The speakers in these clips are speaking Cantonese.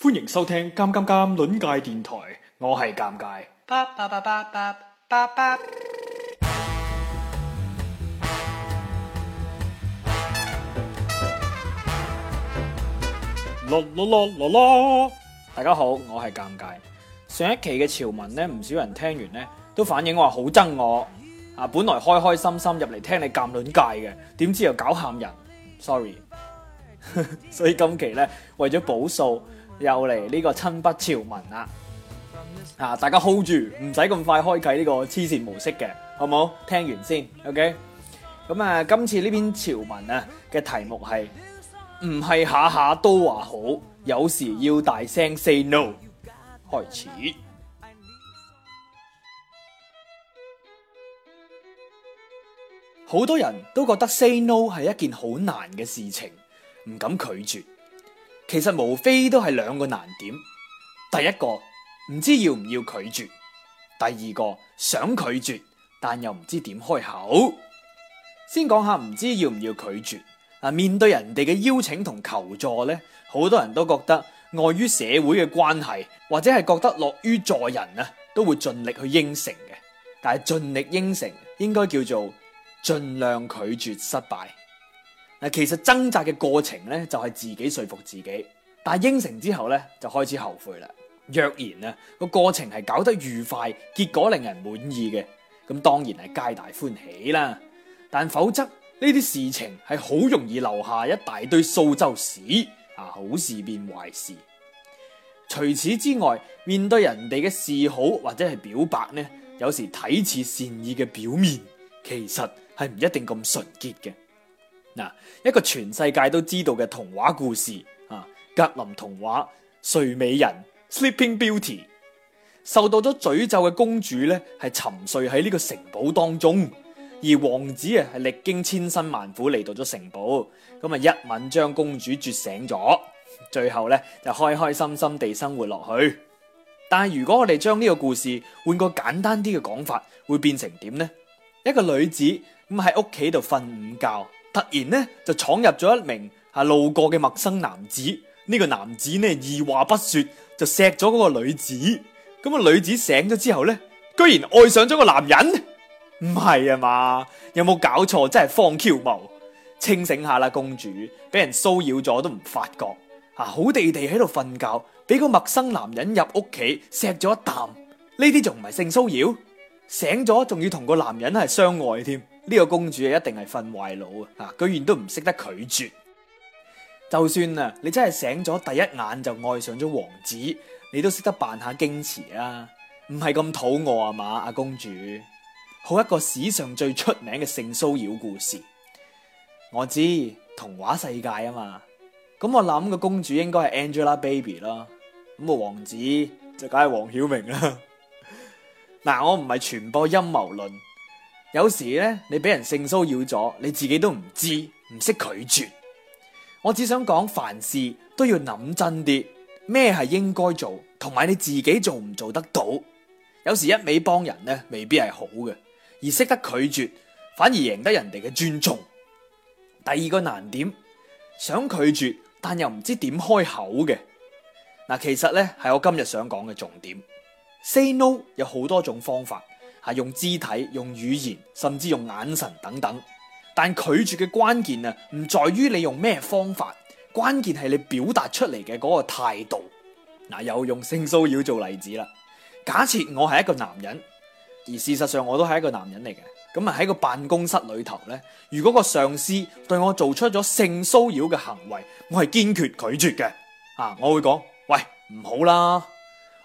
歡迎收聽《尷尷尷論界電台》，我係尷尬。啦啦啦啦啦！大家好，我係尷尬。上一期嘅潮文咧，唔少人聽完咧都反映話好憎我啊！本來開開心心入嚟聽你尬論界嘅，點知又搞喊人，sorry。所以今期咧為咗補數。又嚟呢個親筆潮文啦，啊，大家 hold 住，唔使咁快開啟呢個黐線模式嘅，好冇？聽完先，OK？咁啊，今次呢篇潮文啊嘅題目係唔係下下都話好，有時要大聲 say no。開始，好多人都覺得 say no 係一件好難嘅事情，唔敢拒絕。其實無非都係兩個難點，第一個唔知要唔要拒絕，第二個想拒絕，但又唔知點開口。先講下唔知要唔要拒絕啊，面對人哋嘅邀請同求助咧，好多人都覺得礙於社會嘅關係，或者係覺得樂於助人啊，都會盡力去應承嘅。但係盡力應承應該叫做盡量拒絕失敗。嗱，其實掙扎嘅過程咧，就係自己說服自己，但係應承之後咧，就開始後悔啦。若然啊，個過程係搞得愉快，結果令人滿意嘅，咁當然係皆大歡喜啦。但否則呢啲事情係好容易留下一大堆蘇州屎，啊，好事變壞事。除此之外，面對人哋嘅示好或者係表白呢，有時睇似善意嘅表面，其實係唔一定咁純潔嘅。嗱，一個全世界都知道嘅童話故事啊，《格林童話》《睡美人》（Sleeping Beauty） 受到咗詛咒嘅公主咧，係沉睡喺呢個城堡當中，而王子啊係歷經千辛萬苦嚟到咗城堡，咁啊一吻將公主絕醒咗，最後咧就開開心心地生活落去。但係如果我哋將呢個故事換個簡單啲嘅講法，會變成點呢？一個女子咁喺屋企度瞓午覺。突然呢就闖入咗一名啊路過嘅陌生男子，呢個男子呢二話不說就錫咗嗰個女子，咁個女子醒咗之後呢，居然愛上咗個男人，唔係啊嘛？有冇搞錯？真係荒謬！清醒下啦，公主，俾人騷擾咗都唔發覺，啊好地地喺度瞓覺，俾個陌生男人入屋企錫咗一啖，呢啲仲唔係性騷擾？醒咗仲要同個男人係相愛添？呢個公主啊，一定係瞓壞腦啊！居然都唔識得拒絕。就算啊，你真係醒咗第一眼就愛上咗王子，你都識得扮下矜持啊！唔係咁肚餓啊嘛，阿公主。好一個史上最出名嘅性騷擾故事。我知，童話世界啊嘛，咁我諗個公主應該係 Angelababy 咯，咁個王子就梗係黃曉明啦。嗱， 我唔係傳播陰謀論。有時咧,你俾人性騷擾咗，你自己都唔知唔識拒絕。我只想講，凡事都要諗真啲，咩係應該做，同埋你自己做唔做得到。有時一味幫人咧，未必係好嘅，而識得拒絕，反而贏得人哋嘅尊重。第二個難點，想拒絕但又唔知點開口嘅嗱，其實咧係我今日想講嘅重點。Say no 有好多種方法。係用肢體、用語言，甚至用眼神等等，但拒絕嘅關鍵啊，唔在於你用咩方法，關鍵係你表達出嚟嘅嗰個態度。嗱，又用性騷擾做例子啦。假設我係一個男人，而事實上我都係一個男人嚟嘅，咁啊喺個辦公室裏頭咧，如果個上司對我做出咗性騷擾嘅行為，我係堅決拒絕嘅。啊，我會講，喂，唔好啦，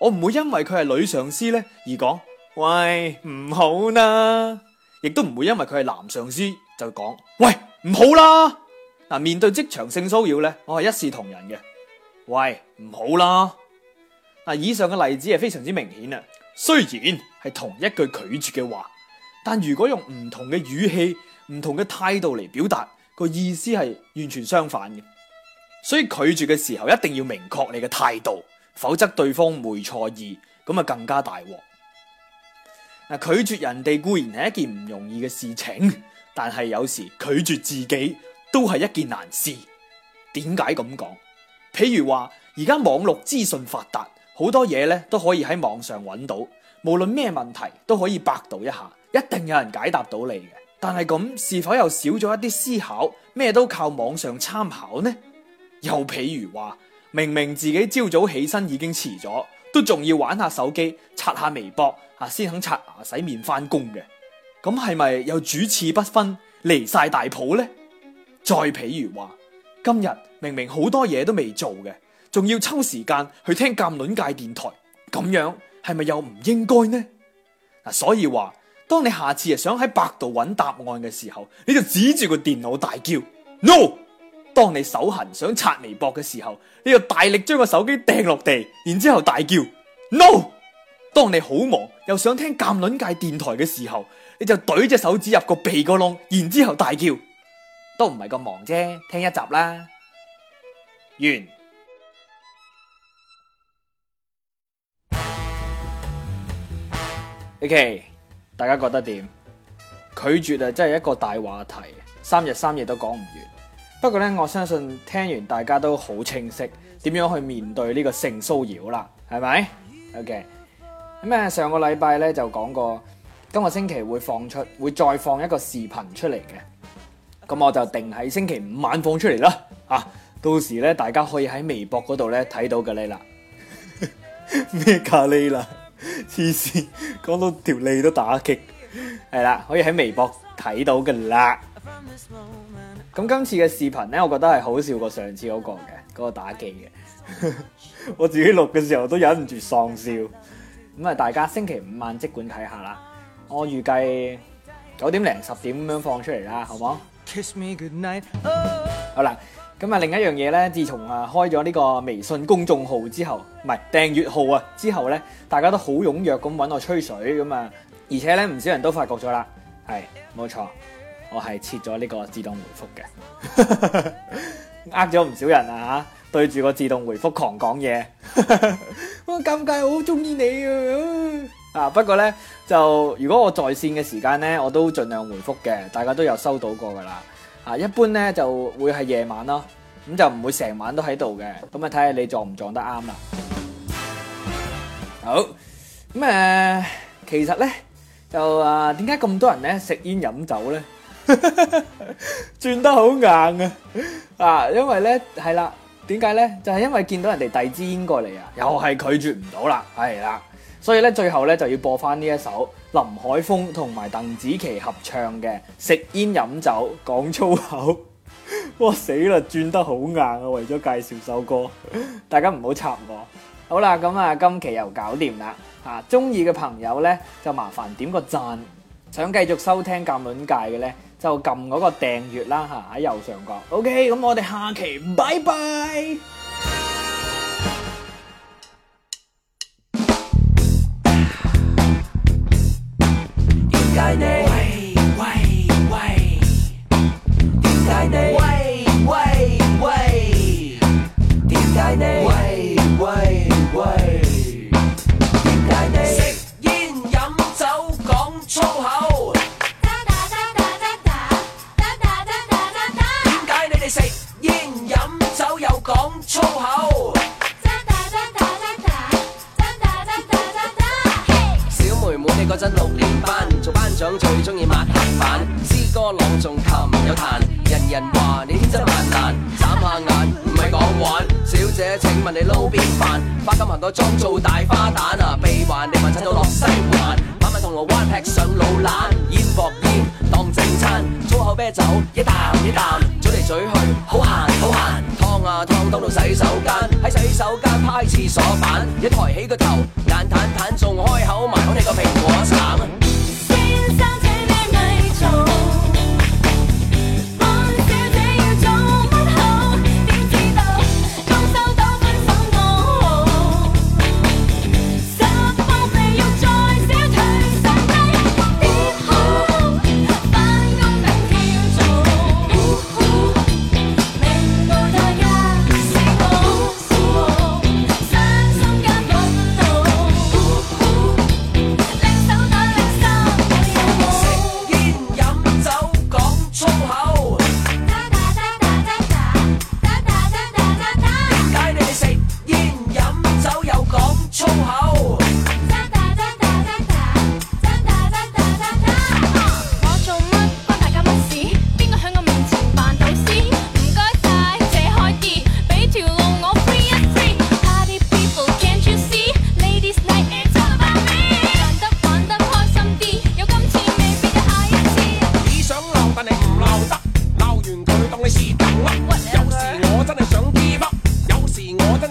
我唔會因為佢係女上司咧而講。喂，唔好啦，亦都唔會因為佢係男上司就講，喂，唔好啦。嗱，面對職場性騷擾咧，我係一視同仁嘅。喂，唔好啦。嗱，以上嘅例子係非常之明顯呀。雖然係同一句拒絕嘅話，但如果用唔同嘅語氣、唔同嘅態度嚟表達，個意思，係完全相反嘅。所以拒絕嘅時候一定要明確你嘅態度，否則對方會錯意咁啊，就更加大禍。拒絕人哋固然係一件唔容易嘅事情，但係有時拒絕自己都係一件難事。點解咁講？譬如話而家網絡資訊發達，好多嘢咧都可以喺網上揾到，無論咩問題都可以百度一下，一定有人解答到你嘅。但係咁，是否又少咗一啲思考？咩都靠網上參考呢？又譬如話，明明自己朝早起身已經遲咗，都仲要玩下手機，刷下微博。啊！先肯刷牙洗面翻工嘅，咁係咪又主次不分，離晒大譜呢？再譬如話，今日明明好多嘢都未做嘅，仲要抽時間去聽輿論界電台，咁樣係咪又唔應該呢？嗱，所以話，當你下次係想喺百度揾答案嘅時候，你就指住個電腦大叫 no；當你手痕想刷微博嘅時候，你就大力將個手機掟落地，然之後大叫 no。當你好忙又想聽監論界電台嘅時候，你就懟隻手指入個鼻個窿，然之後大叫，都唔係咁忙啫，聽一集啦。完。OK，大家覺得點？拒絕啊，真係一個大話題，三日三夜都講唔完。不過呢，我相信聽完大家都好清晰點樣去面對呢個性騷擾啦，係咪？OK。咩？上個禮拜咧就講過今個星期會放出，會再放一個視頻出嚟嘅。咁我就定喺星期五晚放出嚟啦。啊到時咧大家可以喺微博嗰度咧睇到嘅你啦。咩咖喱啦？黐線，講到條脷都打擊係啦，可以喺微博睇到㗎啦。咁今次嘅視頻咧，我覺得係好笑過上次嗰個嘅嗰個打機嘅。 我自己錄嘅時候都忍唔住喪笑。咁啊，大家星期五晚即管睇下啦。我預計九點零、十點咁樣放出嚟啦，好唔好？Kiss me good night. 好啦，咁啊，另一樣嘢咧，自從啊開咗呢個微信公眾號之後，唔係訂閱號啊，之後咧，大家都好踊躍咁揾我吹水咁啊，而且咧，唔少人都發覺咗啦，係冇錯，我係設咗呢個自動回覆嘅，呃咗唔少人啊吓。對住個自動回覆狂講嘢， 我尷尬，我好中意你啊！啊 不過咧，就如果我在線嘅時間咧，我都盡量回覆嘅，大家都有收到過㗎啦。啊，一般咧就會係夜晚咯，咁就唔會成晚都喺度嘅。咁啊，睇下你撞唔撞得啱啦。好，咁誒，其實咧就啊，點解咁多人咧食煙飲酒咧？ 轉得好硬啊！ 啊，因為咧係啦。點解咧？就係因為見到人哋遞支煙過嚟啊，又係拒絕唔到啦，係啦，所以咧最後咧就要播翻呢一首林海峰同埋鄧紫棋合唱嘅《食煙飲酒講粗口》。嘩，死啦，轉得好硬啊！為咗介紹首歌，大家唔好插我。好啦，咁啊，今期又搞掂啦吓，中意嘅朋友咧就麻煩點個讚，想繼續收聽《鑑論界》嘅咧。就撳嗰個訂閱啦嚇，喺右上角。OK，咁我哋下期拜拜。最中意抹黑板，詩歌朗誦琴有彈，人人話你天真爛蛋，眨下眼唔係講玩。小姐，請問你撈邊飯？花咁行個妝做大花旦啊，鼻環、耳環襯到落西環，晚晚銅鑼灣吃上老懶，煙薄煙當正餐，粗口啤酒一啖一啖，嘴嚟嘴去好閒好閒，湯啊湯到到洗手間，喺洗手間拍廁所板，一抬起個頭眼淡淡，仲開口埋好你個蘋果橙。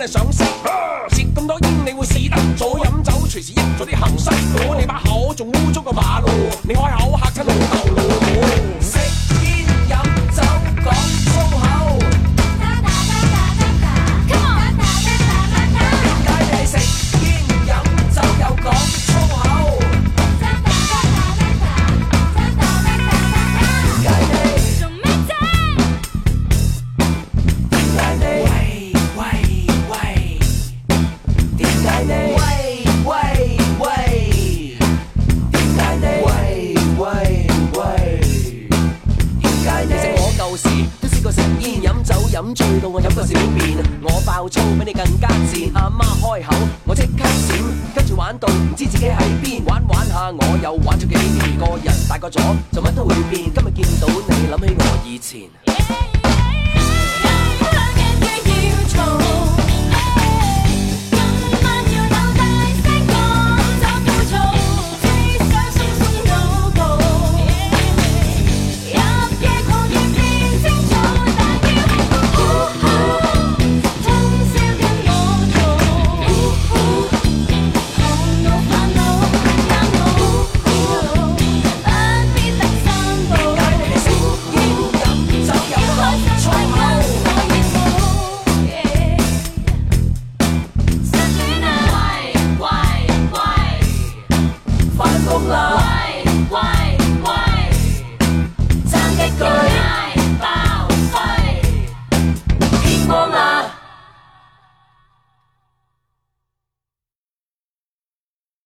想食？食、啊、咁多煙你會死得早。飲酒隨時入咗啲行失，你把口仲污糟個馬路，你開口嚇親、嗯、老豆。都試過食煙、飲酒、飲醉到我飲到小便，我爆粗比你更加賤。阿媽開口，我即刻閃，跟住玩到唔知自己喺邊，玩玩下我又玩咗幾年，個人大個咗，做乜都會變。今日見到你，諗起我以前。Yeah!